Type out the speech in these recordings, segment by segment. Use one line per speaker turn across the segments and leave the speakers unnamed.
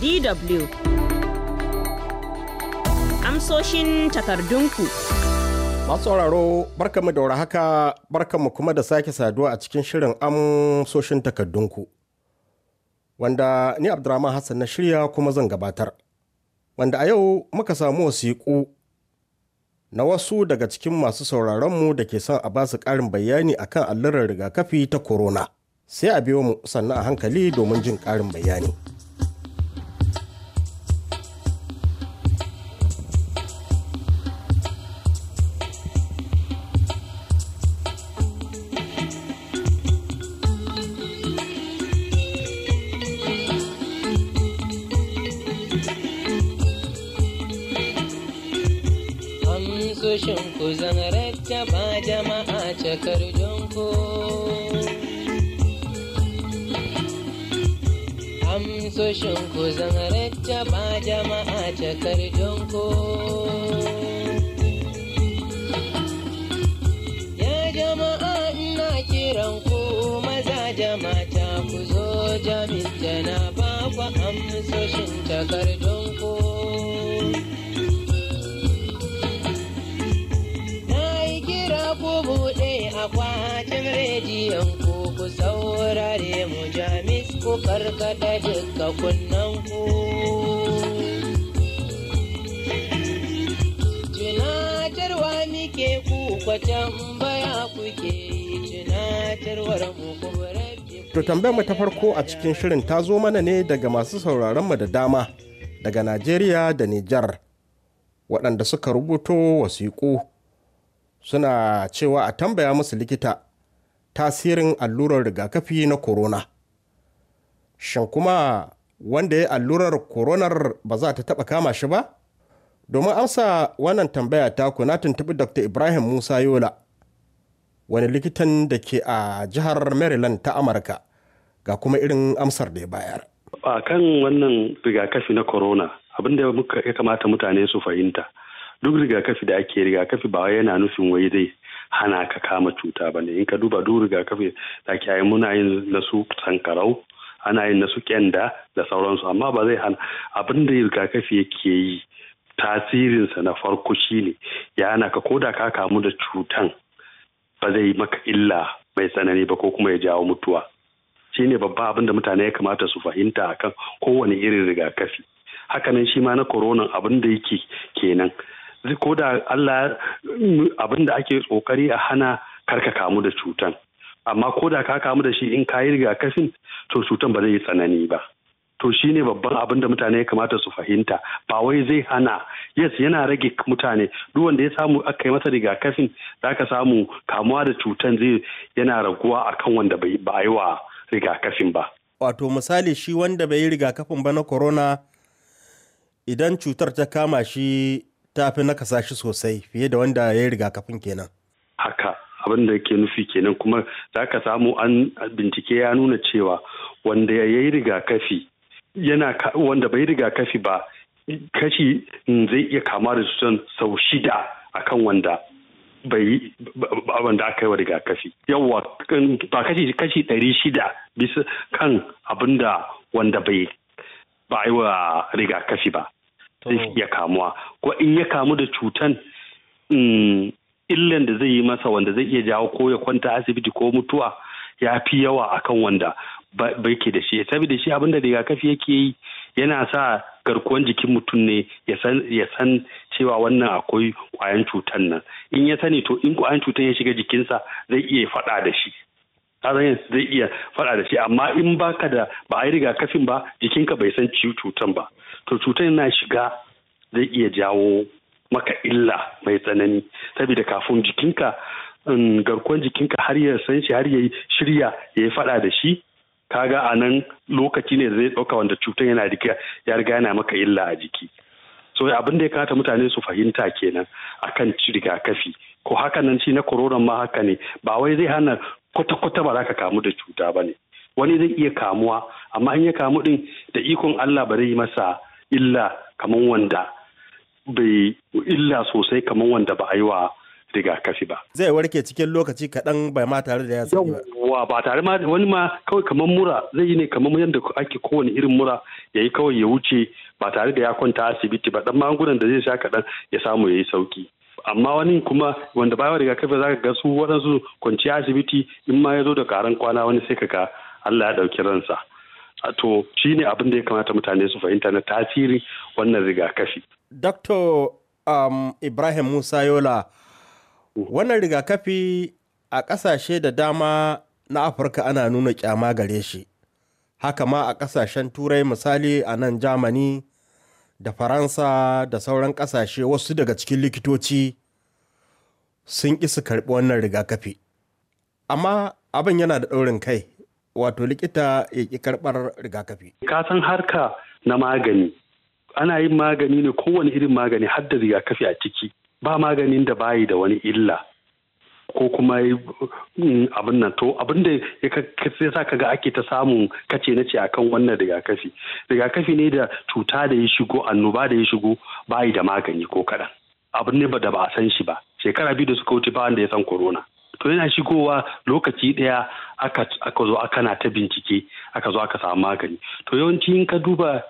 DW. Amsoshin takardunku. Masu sauraro barkamu daura haka barka mu kuma da sake saduwa a cikin shirin amsoshin takardunku. Wanda ni Abdurrahman Hassan na shirya kuma zan gabatar. Wanda a yau muka samu wasiƙu na wasu daga cikin masu sauraronmu da ke son a basu ƙarin bayani akan allurar rigakafi ta corona. Sai a biyo mu sannan a hankali domin jin ƙarin bayani.
tashin ku zan rattaba jama'a cakardun ku ba jama'a cakar ku. Ya jama'a ina kiran ku maza jama'a ku zo jami'a na ba ku amsoshin cakar ku. ku karkada duka kunnan ku. Tunatarwa muke ku kwatan baya kuke yi tunatarwar mu kuma
To tambayar mu ta farko a cikin shirin ta zo mana ne daga masu sauraron mu da dama daga Najeriya da Nijar waɗanda suka rubuto wasiƙu suna cewa a tambaya musu likita tasirin allurar rigakafi na corona. shan kuma wanda ya allurar koronar ba za ta taba kama shi ba? Domin amsa wannan tambaya ta na tuntuɓi Dr. Ibrahim Musa Yola, wani likitan da ke a jihar Maryland ta Amurka, ga kuma irin amsar
da ya bayar. A kan wannan rigakafi na corona, abin da ya kamata mutane su fahimta, duk rigakafi da ake rigakafi ba yana nufin wai zai hana ka kama cuta ba ne in ka duba duk rigakafi da ake muna yin na su sankarau ana yin na su kyanda da sauransu amma ba zai hana abin da rigakafi yake yi tasirinsa na farko shine ya hana ka da ka kamu da cutan ba zai yi maka illa mai tsanani ba ko kuma ya jawo mutuwa Shi ne babban abin da mutane ya kamata su fahimta akan kowane irin rigakafi hakanan shi ma na koronan abin da yake kenan ko da Allah abin da ake tsokari a hana karka kamu da cutan amma ko da ka kamu da shi in ka yi rigakafin to cutan ba zai yi tsanani ba to shine babban abin da mutane ya kamata su fahimta ba wai zai hana yes yana rage mutane duk wanda ya samu aka yi masa rigakafin za ka samu kamuwa da cutan zai yana raguwa akan wanda ba yi wa rigakafin ba
wato misali shi wanda bai yi rigakafin ba na corona idan cutar ta kama shi ta fi nakasa shi sosai fiye da wanda ya yi rigakafin kenan
haka abin da ke nufi kenan kuma za ka samu an bincike ya nuna cewa wanda ya yi rigakafi yana wanda bai rigakafi ba kashi zai iya kama da cutar sau shida akan wanda bai wanda aka yi wa rigakafi yawwa ba kashi kashi ɗari shida bisa kan abin da wanda bai ba yi wa rigakafi ba zai iya kamuwa ko in ya kamu da cutan mm, illan da zai yi masa wanda zai iya jawo ko ya kwanta asibiti ko mutuwa ya fi yawa akan wanda bai ke da shi saboda shi abinda rigakafi yake yi yana sa garkuwan jikin mutum ne ya san cewa wannan akwai kwayan cutan nan in ya sani to in kwayan cutan ya shiga jikinsa zai iya faɗa da shi kazan zai iya faɗa da shi amma in baka da ba a yi rigakafin ba jikinka bai san ciwo cutan ba to cutan yana shiga zai iya jawo maka illa mai tsanani saboda kafin jikinka garkuwan jikinka har ya san shi har ya shirya ya yi faɗa da shi kaga a nan lokaci ne zai ɗauka wanda cutar yana da ya riga yana maka illa a jiki so abin da ya kamata mutane su fahimta kenan akan ci rigakafi ko haka nan shi na korona ma haka ne ba wai zai hana kwata-kwata ba za ka kamu da cuta ba ne wani zai iya kamuwa amma in ya kamu din da ikon Allah ba zai yi masa illa kamar wanda bai illa sosai kamar wanda ba a yi wa rigakafi ba.
Zai warke cikin lokaci kaɗan bai ma tare da ya ba.
Yawwa ba tare ma wani ma kawai kamar mura zai yi ne kamar yadda ake kowane irin mura ya yi kawai ya wuce ba tare da ya kwanta asibiti ba ɗan magungunan da zai sha kaɗan ya samu ya yi sauki. amma wani kuma wanda baya rigakafi za ka ga su waɗansu kwanciya asibiti in ma ya zo da karan kwana wani sai ka ga Allah ya ɗauki ransa. to shi ne abin da ya kamata mutane su fahimta na tasiri wannan rigakafi. Dr.
Um, Ibrahim Musa Yola, wannan rigakafi a ƙasashe da dama na Afirka ana nuna kyama gare shi, haka ma a ƙasashen Turai misali a nan Germany da Faransa da sauran ƙasashe wasu daga cikin likitoci sun ƙi su karɓi wannan rigakafi. Amma abin yana da ɗaurin kai, wato likita ya ƙi karɓar
rigakafi. Ka san harka na magani. ana yin magani ne kowane irin magani har da rigakafi a ciki ba maganin da bayi da wani illa ko kuma mm, abin nan to abin da ya sa kaga ake ta samun kace na ce akan wannan rigakafi rigakafi ne da cuta da ya shigo annoba da ya shigo bayi da magani ko kaɗan abin ne da ba a san shi ba shekara biyu da suka wuce ba wanda ya san corona to yana shigowa lokaci ɗaya aka zo aka na ta bincike aka zo aka samu magani to yawanci in ka duba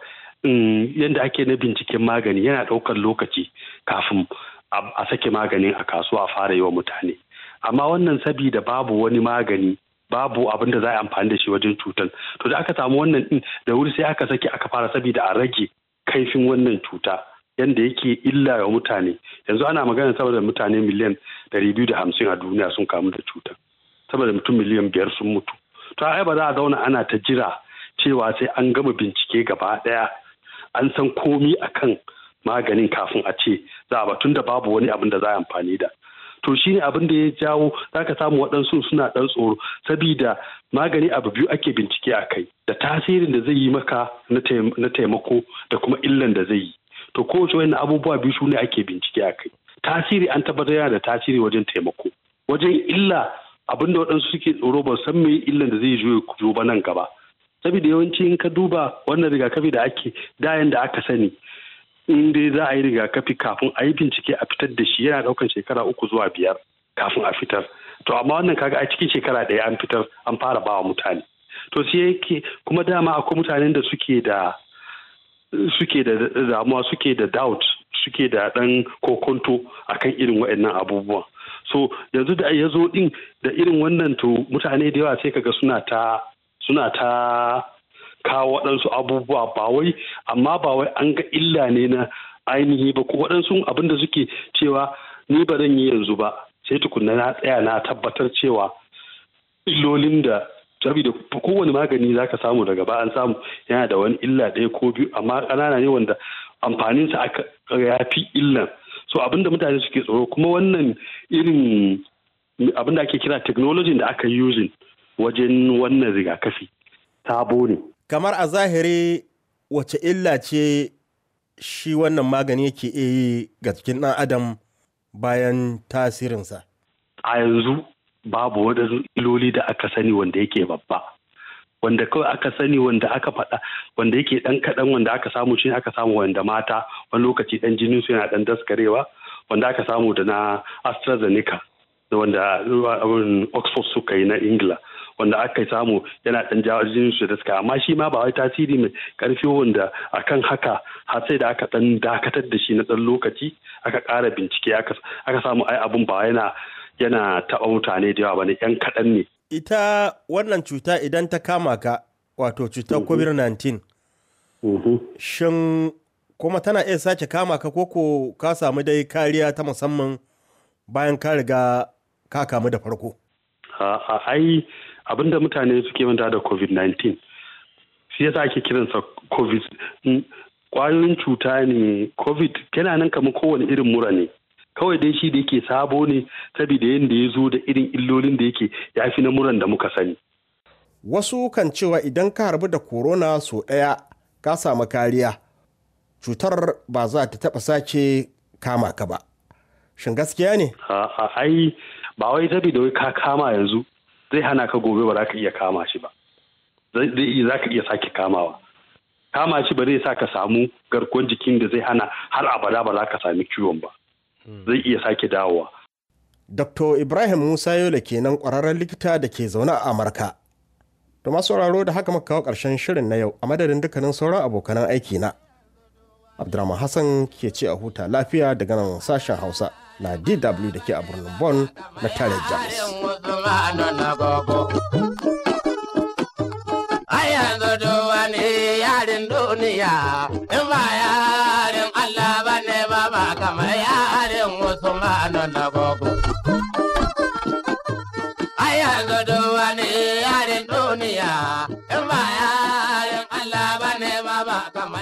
Mm, yadda ake na binciken magani yana ɗaukar lokaci kafin a sake maganin a kasuwa a fara yi wa mutane amma wannan sabida babu wani magani babu abin da za a amfani da shi wajen cutar to da aka samu wannan din da wuri sai aka sake aka fara sabida a rage kaifin wannan cuta yanda yake illa wa mutane yanzu ana magana saboda mutane miliyan ɗari biyu da hamsin a duniya sun kamu da cutar saboda mutum miliyan biyar sun mutu to ai ba za a zauna ana ta jira cewa sai an gama bincike gaba ɗaya an san komi akan maganin kafin a ce za a ba tun da babu wani abin da za a amfani da to shi ne abin da ya jawo za ka samu waɗansu suna ɗan tsoro sabida magani abu biyu ake bincike a kai da tasirin da zai yi maka na taimako da kuma illan da zai yi to kowace wani abubuwa biyu su ne ake bincike a kai tasiri an tabbatar yana da tasiri wajen taimako wajen illa abin da waɗansu suke tsoro ba san me illan da zai zo ba nan gaba saboda yawanci in ka duba wannan rigakafi da ake dayan da aka sani in dai za a yi rigakafi kafin a yi bincike a fitar da shi yana daukan shekara uku zuwa biyar kafin a fitar to amma wannan kaga a cikin shekara ɗaya an fitar an fara bawa mutane to sai yake kuma dama akwai mutanen da suke da suke da damuwa suke da doubt suke da ɗan kokonto akan irin waɗannan abubuwan so yanzu da ya zo ɗin da irin wannan to mutane da yawa sai kaga suna ta suna ta kawo waɗansu abubuwa ba wai amma ba wai an ga illa ne na ainihi ba ko waɗansu abin da suke cewa ni ba zan yi yanzu ba sai tukunna na tsaya na tabbatar cewa illolin da saboda kowane magani za ka samu daga ba an samu yana da wani illa ɗaya ko biyu amma ƙanana ne wanda amfaninsa aka ya fi illan so abin da mutane suke tsoro kuma wannan irin abin da ake kira technology da aka using wajen wannan rigakafi sabo ne kamar
a zahiri wace illa ce shi wannan magani yake iya yi ga cikin ɗan adam bayan tasirinsa
a yanzu babu waɗansu iloli da aka sani wanda yake babba wanda kawai aka sani wanda aka faɗa wanda yake ɗan kaɗan wanda aka samu shi aka samu wanda mata wani lokaci ɗan jinin su yana ɗan daskarewa wanda aka samu da na AstraZeneca da wanda Oxford suka yi na Ingila wanda aka samu yana dan jawo jinin su da suka amma shi ma ba wai tasiri mai karfi wanda akan haka har sai da aka dan dakatar da shi na dan lokaci aka ƙara bincike aka samu ai abun ba yana yana taɓa mutane da yawa bane yan kaɗan ne
ita wannan cuta idan ta kama ka wato cutar mhm. covid-19 mhm. shin kuma tana iya sace kama ka koko ka samu dai kariya ta musamman bayan ka riga ka kamu da farko
ai abinda mutane suke manta da covid-19 shi yasa ake kiransa covid kwayoyin cuta ne covid yana nan kamar kowane irin mura ne kawai dai shi da yake sabo ne saboda yadda ya zo da irin illolin da yake ya fi na muran da muka sani
wasu kan cewa idan ka harbu da corona so ɗaya ka samu kariya cutar ba za ta taɓa sake kama ka ba shin gaskiya ne
ai ba wai saboda wai ka kama yanzu zai hana ka gobe ba za ka iya kama shi ba za ka iya sake kamawa kama shi ba zai sa ka samu garkuwar jikin da zai hana har abada ba za ka sami ciwon ba hmm. zai iya sake dawowa
dr ibrahim musa yola kenan kwararren likita da ke zaune a amurka da masu sauraro da haka muka kawo ƙarshen shirin na yau a madadin dukkanin sauran abokan aiki na abdulrahman hassan ke ce a huta lafiya daga nan sashen hausa na DW da ke a birnin Bonn na tare James.
yanzu duniya in ba yarin Allah ba